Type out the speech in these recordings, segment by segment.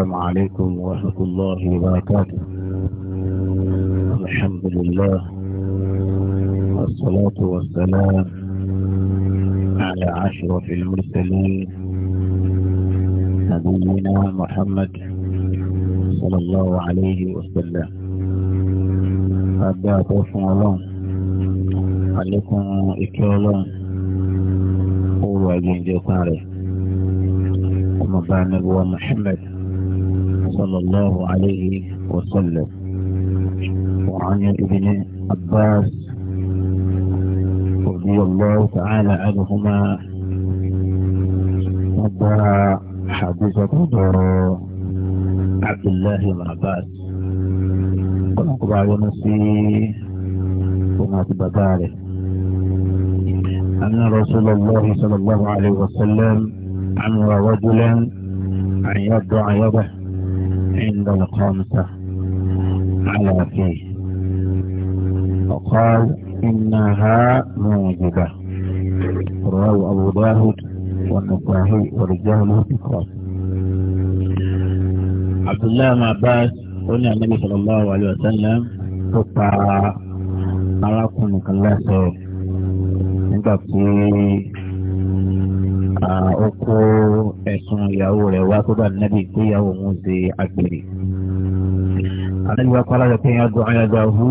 السلام عليكم ورحمة الله وبركاته الحمد لله والصلاة والسلام على عشرة المرسلين نبينا محمد صلى الله عليه وسلم أبدا توفى الله عليكم إكرام هو جنجة طارق ومبارنبوة محمد صلى الله عليه وسلم وعن ابن عباس رضي الله تعالى عنهما وضع حديثة قدر عبد الله بن عباس قلنا قبع ونسي وما ذلك أن رسول الله صلى الله عليه وسلم أمر رجلا أن يضع يده عند الخامسة على فيه وقال إنها موجبة رواه أبو داود والنسائي ورجاله ثقات عبد الله بن عباس قلنا النبي صلى الله عليه وسلم قطع أراكم الله سوء nígbà ó kó ẹ̀sùn ìyàwó rẹ̀ wá tó bá nàbì pé ìyàwó òun ṣe àgbèrè. àlejò akọ́lá rẹ̀ pé yàgò àyàgà hu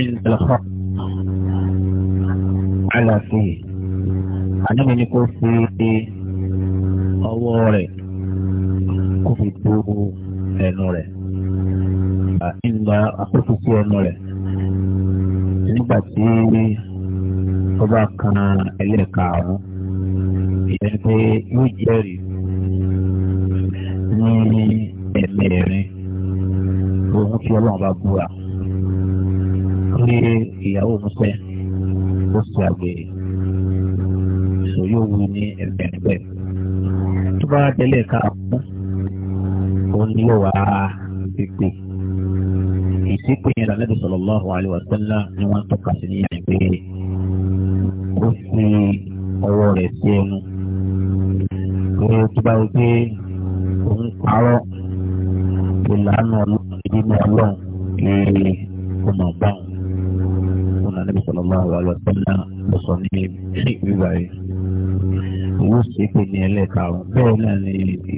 ìlọ́kọ̀ àlàfíì. àlejò ni kò fi ọwọ́ rẹ̀ kó fi tó ẹnu rẹ̀ ìgbà àkókò sí ẹnu rẹ̀ nígbà tí ó kan ẹlẹ́ẹ̀karùn-ún ìyẹn pé yóò jẹ́rìí ní ẹ̀mí ẹ̀rín òun fi ọlọ́run bá búra pé ìyàwó òun fẹ́ ó sì àgbèrè sọ yóò wú ní ẹ̀mí ẹ̀rín bẹ́ẹ̀ tó bá tẹ̀lé ẹ̀ka àpò òun ni yóò wá pípé ìsìnkú yẹn lọ Ànábì sallallahu alaihi wasallam ni wọ́n tọ́ka sí ní ìyàn ó fi ọwọ́ rẹ̀ sí ẹnu tó bá yẹ pé òun parọ́ ìlànà ìdínà ọlọ́run ní ọmọ ọgbọ́n òun náà níbi sọ̀rọ̀ máa wà lọ tẹ́lá lọ sọ ní ìgbà yìí owó ṣèpè ní ẹlẹ́ẹ̀karùn-ún bẹ́ẹ̀ náà ni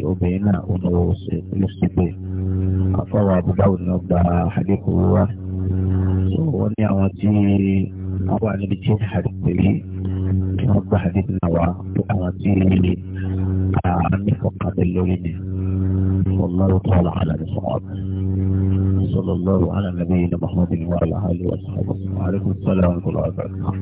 obìnrin náà òun náà wọ́n ṣe ló ṣèpè àfọwọ́ àbúdáwò náà gba àdékòwò wa wọ́n ní àwọn tí wọ́n wà níbi tí àdékòwò yìí wọ́n gba àdékòwò náà wá àwọn tí nífọ̀kànlẹ̀ lórí ni wallahu ta'ala àlàyé sọ́ọ̀t sallallahu ala nabiyyina muhammadin wa ala alihi wa sahbihi wa alaikum salaam wa rahmatullahi wa barakatuh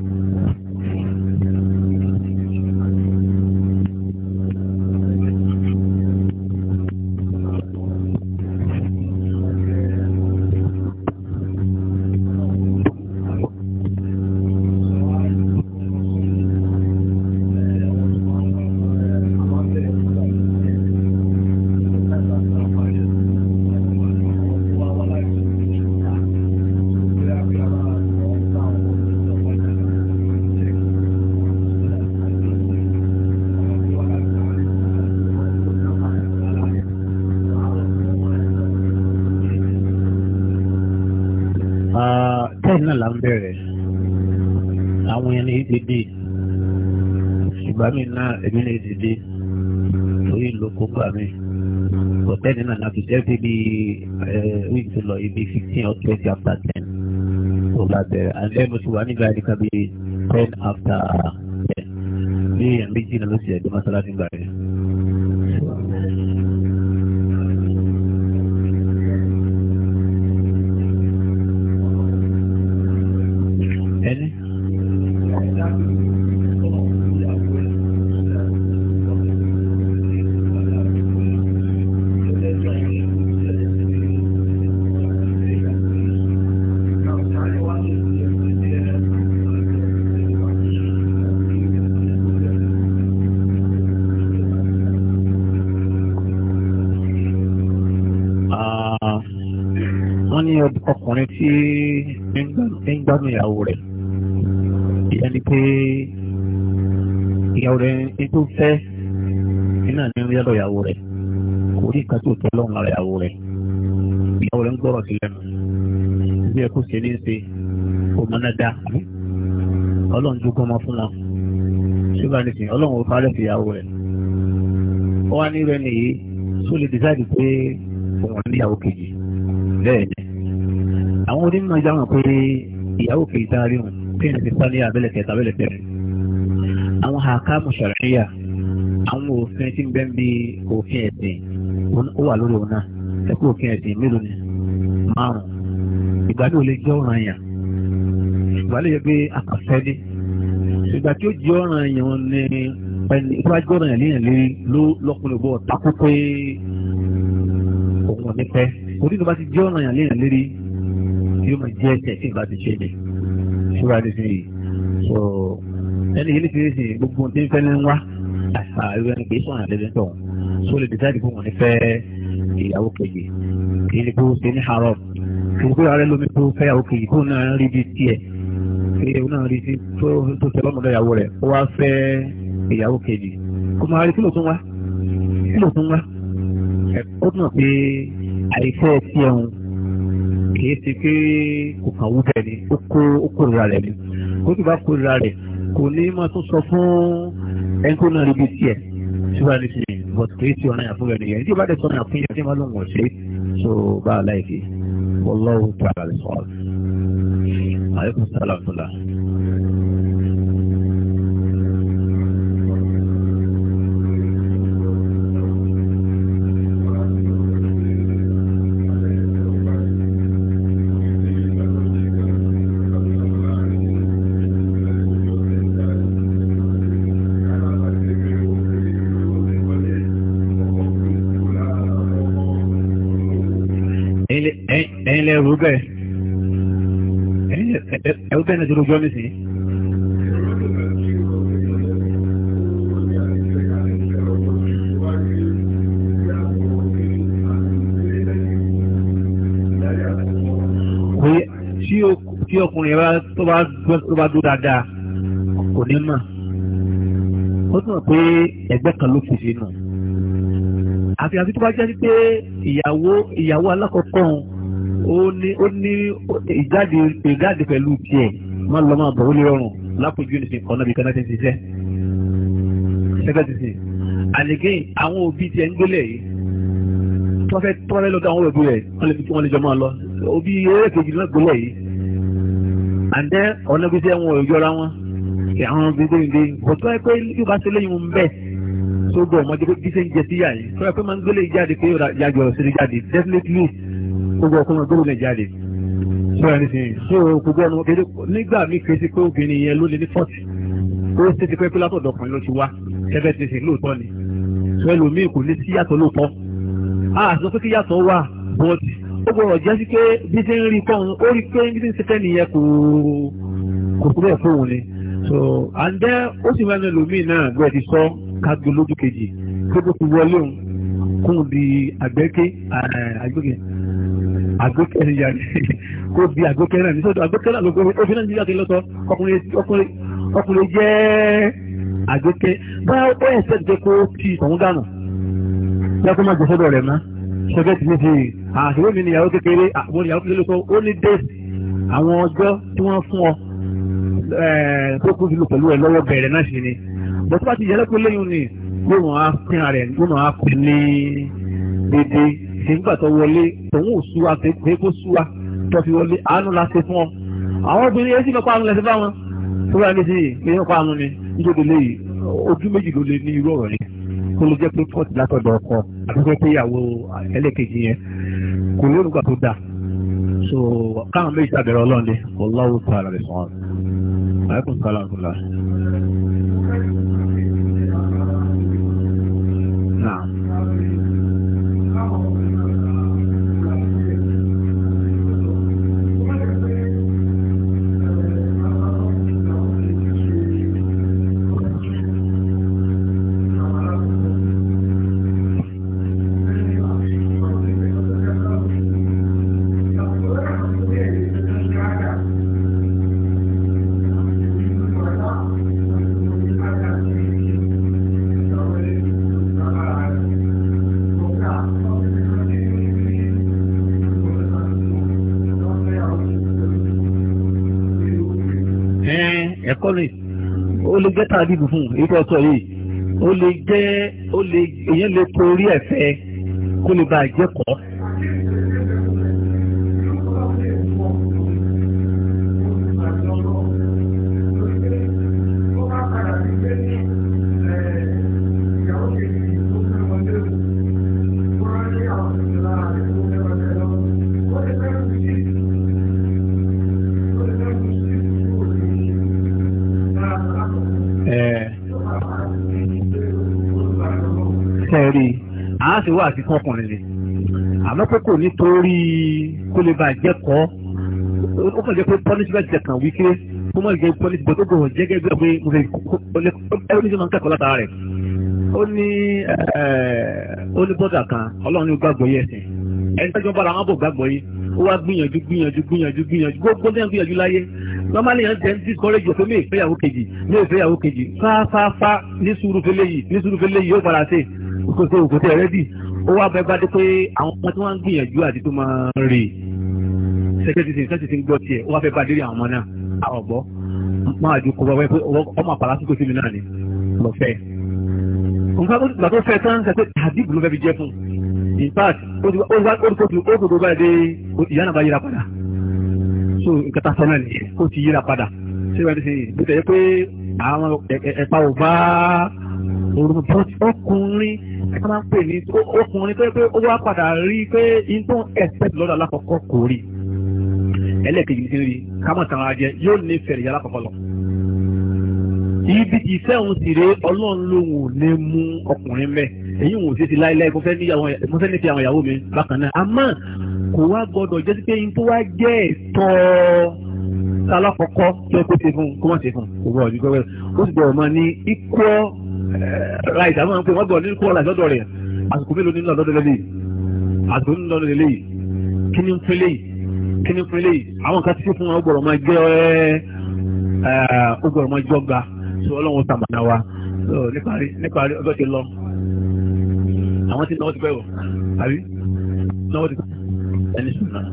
bẹ́ẹ̀ náà là ń bẹ̀rẹ̀ àwọn yẹn ní dèdè ṣùgbọ́n mi náà èmi ní dèdè lórí ìlú kókó àmì hòtẹ́ẹ̀lì náà láti jẹ́ bí bí wíì tó lọ ibi fifteen or twenty after ten tó bá bẹ̀rẹ̀ and then mo ti wà nígbà yẹn níka bí ten after ten bí ẹ̀ méjì náà ló ti ẹ̀ dé mọ́sálásí gbà rẹ̀. gbádùn ìyàwó rẹ̀ ìyá ni pé ìyàwó rẹ̀ ní tó fẹ́ iná ní orí ẹ̀rọ ìyàwó rẹ̀ kò rí nǹkan tí ò tọ́ lọ́rùn lára ìyàwó rẹ̀ ìyàwó rẹ̀ ń gbọ́rọ̀ sí lẹ́nu bí ẹ kó ṣe ní ṣe kó mọ náà dá ọlọ́run tó gbọ́mọ fún la ṣé bá ní sìn ọlọ́run ò parẹ́ sí ìyàwó rẹ̀ ó wá ní rẹ̀ nìyí tó lè dísáàdì pé òun níyàwó kejì bẹ́ẹ̀ ni àwọn onímọ̀ ìjà pé ìyàwó kì í dárí hùn ní abẹ́lẹ̀ kẹta abẹ́lẹ̀ kẹrin àwọn àkámù àwọn òfin tí bi òfin ẹ̀sìn O wà lórí náà òfin ẹ̀sìn mélòó ni márùn ìgbà tí lè ọ̀ràn yàn ìgbà yẹ pé ìgbà tí ọ̀ràn yàn ni ọ̀ràn yàn lọ́kùnrin takú pé òun ò ní yóò máa jẹ́ ẹsẹ̀ tí ìbá ti ṣe lè ṣúra ti fi so ẹni yìí ní fi ṣe gbogbo tí ń fẹ́ ní wá àṣà ìwé ẹni kì í sọ̀rọ̀ tó so lè decide fún wọn ní fẹ́ ìyàwó kejì kì í ní kó ṣe ní haram kì í kó ara lómi tó fẹ́ ìyàwó kejì kó náà rí bí tiẹ̀ kí ó náà rí sí tó tẹ lọ́mọdé ìyàwó rẹ̀ ó wá fẹ́ ìyàwó kejì kó máa rí kí ló tún wá kí ló tún wá ó tún hàn pé àìfẹ́ tiẹ̀ ń kìí ṣe pé kò kàn wú bẹ́ẹ̀ ni ó kórira rẹ̀ ni kó tó bá kórira rẹ̀ kò ní máa tún sọ fún ẹni tó náà ríbi tiẹ̀ síwájú ní sìn but kìí ṣe ọ̀nà àfúnyẹ̀ nìyẹn ní tí ó bá dẹ̀ sọ ọ̀nà àfúnyẹ̀ tí wọ́n lò wọ̀n ṣe so bá a láìpẹ́ wọ́n lọ́wọ́ tó àgbàlẹ̀ sọ̀rọ̀ àyẹ̀kùn sálàmùlà. ẹ̀rú bẹ́ẹ̀ lẹ́jọ́ lójú ọ́nìsìn. tí ọkùnrin bá tó bá gbọ́ tó bá dó dáadáa kò ní mà ó tún mọ̀ pé ẹgbẹ́ kan ló fi sínú àfi àfi tó bá jẹ́ pé ìyàwó ìyàwó alákọ̀ọ́kọ́ òun ó ní ó ní ìjáde ìjáde pẹ̀lú tiẹ̀ má lọ máa bọ̀ ó lè rọrùn lápòjú ní ìsìn ọ̀nà ìkànnà ti ṣiṣẹ́ ṣẹ́gbẹ́ ti sìn àlẹ́gẹ́ àwọn òbí tiẹ̀ ń gbélé yìí tọ́fẹ́ tọ́fẹ́ lọ́dọ̀ àwọn òbí rẹ̀ wọ́n lè fi wọ́n lè jọ máa lọ òbí eré kejì náà gbélé yìí àǹdẹ́ ọ̀nà bí sẹ́ wọn ò yọra wọn àwọn gbẹgbẹ́gbẹ́ bọ̀tọ́ ẹ pé yóò bá ṣe lẹ́yìn wọn bẹ́ẹ̀ tó gbọ́ ọmọdé pé bí sẹ́ ń jẹ síyà yìí tọ́fẹ́ pé máa ń gbélé jáde pé yàjọ òṣèré jáde definitely gbogbo ọkùnrin gbogbo lè jáde sọ́ra ní sìn so gbogbo ọmọ kéde nígbà mí kéde pé obìnrin yẹn ló lè ní fọ́ọ̀tì ó ṣe ti pẹ́ pé látọ̀dọ̀ ọkùnrin ló ti wá ẹbẹ̀ ti sìn lóòótọ́ ni sọ ẹlòmíì kò ní sí yàtọ̀ lóòótọ́ a sọ pé kí yàtọ̀ wà but ó gbọ́dọ̀ jẹ́ sí pé bí ti ń rí kọ́ ó rí pé bí ṣe fẹ́ nìyẹn kò kúrò ẹ̀ fóun ni so and then ó sì máa ń ẹlòmíì náà gbọ́ ẹ̀ ti sọ kájú lójú kejì kébùkù wọlé òun kún di àgbẹ̀kẹ́ àgbẹ̀kẹ́ ya ni yàrá kó bí àgbékẹ́ náà nítorí àgbékẹ́ náà lóko ó fi náà níyàtọ̀ lọ́tọ̀ ọkùnrin jẹ́ àgbékẹ́ báyà ó bẹ́ẹ̀ sẹ́ni pé kó ti ìtọ̀hún dànù yàtọ̀ máa jẹ sọ́dọ̀ rẹ̀ mọ́ sọ́gẹ́ ti fi àṣìwé mi níyàwó kékeré àwọn ìyàwó kékeré lóko ó ní dé àwọn ọjọ́ tí wọ́n fún ọ tó kú sílùú pẹ̀lú ẹ̀ lọ́wọ́ bẹ̀rẹ̀ náà sì ni bọ́tú bá ti yẹ lẹ́kọ̀ọ́ lẹ́yìn ni yóò wọ́n á pín ara ẹ̀ yóò wọ́n á pín ní déédéé nígbà tó wọlé tòun ò súwa pé kó súwa tó fi wọlé àánú la ṣe fún ọ. àwọn obìnrin yẹn sì máa pa àánú lẹ́sẹ̀ báwọn tó bá ní sí pé wọ́n pa àánú ni nítorí léyìí ojú méjì ló lè ní irú ọ̀rọ̀ yẹn kó ló jẹ́ pé pọ́ọ̀tì látọ̀dọ̀ ọkọ àbíkẹ́ pé ìyàwó ẹlẹ́kejì yẹn kò lórí nígbà tó so káwọn méjì tàbẹ̀rẹ̀ ọlọ́ọ̀ni ọlọ́wọ́ kọ́ni ó lè jẹ́ tàbíbù fún èyí tó sọ yìí ó lè jẹ́ ó lè èyàn lè torí ẹ̀fẹ́ kó lè bá jẹ́kọ̀ọ́ ṣe wá àti fọkùnrin rẹ̀ àmọ́ pé kò nítorí kó lè bàa jẹ́kọ̀ọ́ ó kàn jẹ́ pé punishment ti kàn wípé kó má jẹ́ punishment tó gbọ̀ngàn jẹ́gẹ́ bí ọ̀gbìn mo fẹ́ ó ní sọ́nà kẹ́kọ̀ọ́ látara rẹ̀ ó ní eh, ó ní bọ́dà kan ọlọ́run ní gbàgbọ́ yẹ ẹ̀sìn ẹni tẹ́jọ́ bára wọn bò gbàgbọ́ yìí ó wá gbìyànjú gbìyànjú gbìyànjú gbìyànjú gbogbo ní gbìyànjú láyé normally yẹn jẹ́ ń discourage òfin mi ìfẹ́yàwó kejì mi ìfẹ́yàwó kejì fáfáfá ní sùúrù fẹ́lẹ́ yìí ní sùúrù fẹ́lẹ́ yìí ó padà sí kò sí òkòtò ẹ̀ rẹ́dì ó wá bẹ́ẹ̀ bá dé pé àwọn ọmọ tí wọ́n ń gbìyànjú àti tó máa ń rè sẹ́kẹ́tì tí sẹ́kẹ́tì ń gbọ́ tiẹ̀ ó wá bẹ́ẹ̀ bá délé àwọn ọmọ náà àwọn ọ̀gbọ́ máa ju kọ́ bọ́ pé ọmọ àpàlà tó kòtò mi náà ni lọ fẹ́. nǹkan tó gbà tó fẹ́ tán ṣe pé tàdíb ló fẹ́ fi jẹ́ fún in fact ó ti ó tó tó báyìí dé ìyá náà bá yíra padà so nǹkan tá a sọ náà nìyẹn ó ti yíra padà ṣé wàá ní sẹ́yìn bó tẹ̀ yẹ pé àwọn ẹ̀pà ò bá ọkùnrin ká máa ń pè ní ọkùnrin pé pé ó wá padà rí pé in tó ń expect lọ́dọ̀ alákọ̀ọ́kọ́ kò rí ẹlẹ́ẹ̀kejì ti rí kámọ̀ tàn ara jẹ yóò ní fẹ̀rẹ̀ yàrá kọ̀ọ̀kọ̀ lọ. ibi tí ìfẹ́ òun sì ré ọlọ́run lòun ò lè mú ọkùnrin mẹ́ èyí òun ò sì ti láéláé mo fẹ́ ní ti àwọn ìyàwó mi bákan náà àmọ́ kò wá gbọ́dọ̀ jẹ́ sí pé in tó wá jẹ́ ẹ̀tọ́ alákọ̀ọ́kọ́ tó kó ṣe fún kó má ṣe fún kò gbọ́dọ̀ ju pé ó sì bẹ̀rẹ̀ mọ́ ní equal right àwọn àwọn pé wọ́n gbọ́ ní kó ọ̀la lọ́dọ̀ rẹ̀ àsìkò mélòó nínú ọ̀dọ́ lẹ́lẹ́ yìí àsìkò nínú ọ̀dọ́ lẹ́lẹ́ yìí kí ni ń fún eléyìí kí ni ń fún eléyìí àwọn nǹkan tí fún wọn ó gbọ́dọ̀ máa jẹ́ eh, ó gbọ́dọ̀ máa jọ́ ga sọ ọlọ́run sàmànà wa níparí níparí ọjọ́ ti lọ àwọn tí náwó ti pẹ́ wọ̀ àbí náwó ti pẹ́ ẹni sùn náà.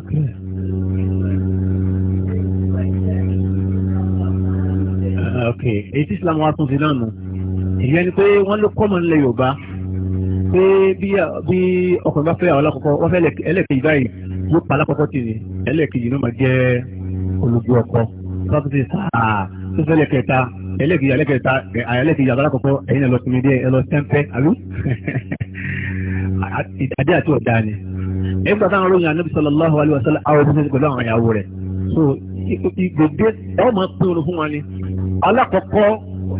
Okay. Okay. Èyí tí Islam wá tún sí náà nù. Ìyẹn ni pé wọ́n ló kọ́mọ̀ nílẹ̀ Yorùbá pé bí ọkùnrin bá fẹ́ àwọn alákọ̀ọ́kọ́ wọ́n fẹ́ ẹlẹ́kẹ̀ẹ́ báyìí yóò pa alákọ̀ọ́kọ́ tì ní ẹlẹ́kẹ̀ẹ́ yìí ló máa jẹ́ olùgbé ọkọ. Sọ́kùtì sáà tó fẹ́ lẹ́kẹ̀ẹ́ta ẹlẹ́kẹ̀ẹ́ ẹlẹ́kẹ̀ẹ́ta ẹlẹ́kẹ̀ẹ́ alákọ̀ọ́kọ́ ẹ̀yin ẹ̀lọ́sìn mi dé ẹ̀lọ́sìn pẹ́ àlú. Ìdádé àti ọ̀dà ni nígbà táwọn olóyìn anábì sallallahu alaihi wasallam àwọn obìnrin pẹ̀lú àwọn ìyàwó rẹ̀ so ìgbòdé ọmọ pín olú fún wa ni alákọ̀ọ́kọ́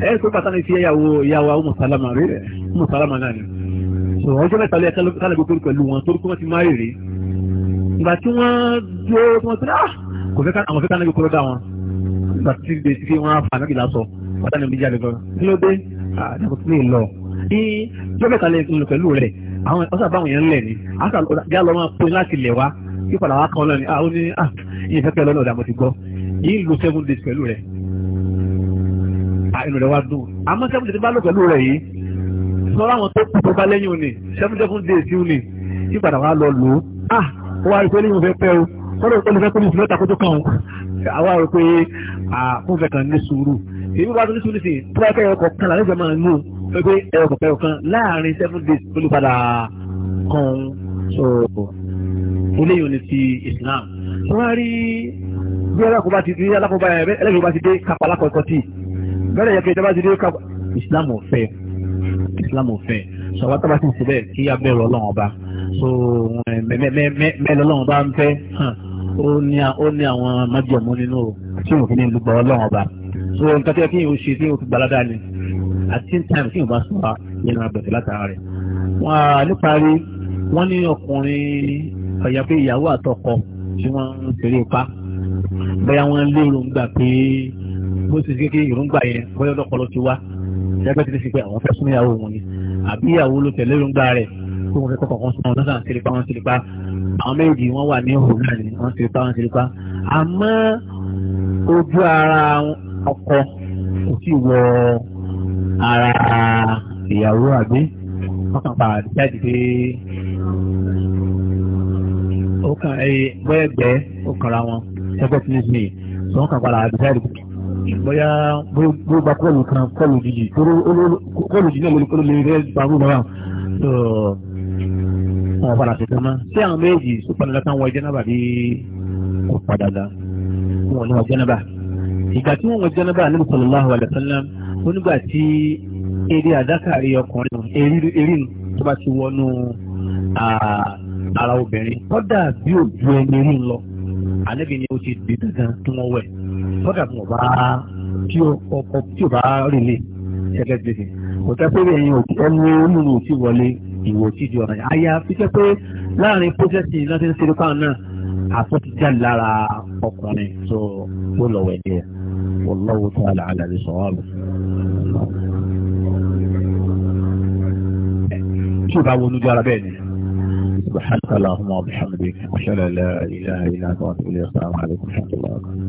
ẹ̀ tó bàtà ní fi ìyàwó ìyàwó Ummu Salama rẹ̀ Ummu Salama náà ni so ọjọ́ mẹ́ta lẹ́yà kálẹ̀bí pẹ̀lú pẹ̀lú wọn torí kí wọ́n ti máa rèé ìgbà tí wọ́n dúró tí wọ́n ti ah kò fẹ́ àwọn fẹ́ kánẹ́bí kúrò dá wọn ìgbà tí ìgbè tí àwọn ọ̀sà báwọn yẹn ń lẹ̀ ni àṣà já lọ máa pè láti lẹ̀ wá kí padà wá kan lọ́ni àwọn ah, ní ah, ìyẹn fẹ́ pẹ́ lọ́nà ọ̀dà mo ti gbọ́ yìí ń lo seven days pẹ̀lú rẹ̀ inú rẹ̀ wá dùn àmọ́ seven days bá lò pẹ̀lú rẹ̀ yìí sọ láwọn tó kù tó bá lẹ́yìn òní seven seven days yìí òní kí padà wá lọ lò ó ah, ó wá rí pé lẹ́yìn òfẹ́ pẹ́ o sọ́dọ̀ olùfẹ́ pé ní ìfúnlẹ̀ takótó kan o àwa rò pé àkúnfẹ́ kan ní sùúrù èyí wá tó ní sùúrù sí tó wá kẹ́yọ̀ kọ̀ọ̀kan làlẹ́ pé ẹ̀rọ kọ̀ọ̀kan kan láàrin seven days ló padà kan so eléyìí ni ti Islam wọ́n rí bí alákòóbá ti dé alákòóbá yẹn bẹ́ẹ̀ ẹlẹ́yìn bá ti dé kápá alákọ̀ọ́kọ́ tì bẹ́ẹ̀ yẹ kí ẹjọ́ bá ti dé kápá Islam ò fẹ́ Islam ò fẹ́ sọ wá tábà sì ń síbẹ̀ kí abẹ́rẹ́ ọlọ́run ọba so mẹ́lẹ́ ọlọ́run ọba ń fẹ́ ó ní àwọn májẹ̀mú nínú tí òfin ní ìlú gbọ́ ọlọ́run ọba so nǹkan tí wọ́n fi ń ṣe tí wọ́n fi gbalada ni at the same time tí yóò bá sọ́ra yẹn máa bẹ̀rẹ̀ látara rẹ̀. wọ́n á níparí wọ́n ní ọkùnrin ọ̀yà pé ìyàwó àtọkọ tí wọ́n ń tẹ̀lé ipa bóyá wọ́n lé òrùngbà pé bó ti ṣe kékeré òrùngbà yẹn bóyá ọlọ́pọ̀ ló ti wá ẹgbẹ́ ti ní sí pé àwọn fẹ́ súnmọ́ ìyàwó wọn ni àbí ìyàwó ló tẹ̀lé òrùngbà rẹ̀ tó wọ́n fẹ́ kọ́kọ́ kan sọ́nà lọ́sàn án tìrìpá wọn tìrìpá àwọn méjì wọ́n wà ní òhùn náà ni wọ́n tìrìpá wọn tìrìpá àmọ́ ojú ara ọkọ kò sí wọ ara ìyàwó àbí hmm. ọkàn pa jáde pé ó kàn ẹ bóyá ẹgbẹ́ ó kàn ra wọn ẹgbẹ́ tí ní sìn tí wọ́n kàn padà jáde bóyá bó bá kọ́ọ̀lù kan kọ́ọ̀lù jìjì kọ́ọ̀lù jìjì náà ló lè rẹ́ bàbú bàbá wọn padà tó tán mọ́ sí àwọn méjì tó wọ ẹjẹ́ náà kò padà dá wọn ní ọjọ́ náà ìgbà tí wọ́n wọ jẹ́nẹ́bà ní sallallahu alaihi wasallam onígbà tí eré àdákàrí ọkùnrin erí tó bá ti wọnú ara obìnrin kọ́dà bí òjú ẹni rí lọ àlẹ́bí ni ó ti di dandan tí wọ́n wẹ̀ kọ́dà bí wọ́n bá tí ọkọ tí ò bá rìn lé gẹ́gẹ́ gbèsè kò tẹ́ pé ẹ̀yin ẹnu onírúurú ti wọlé ìwò tí di ọ̀ràn àyà fi jẹ́ pé láàrin pósẹ́sì náà ti ń ṣe nípa náà àtúntí jáde lára ọkùnrin tó tó lọ wẹ̀ ní o wallahu ta'ala ala bi sawab. سبحانك اللهم وبحمدك اشهد ان لا اله الا انت واتوب اليك السلام عليكم ورحمه الله وبركاته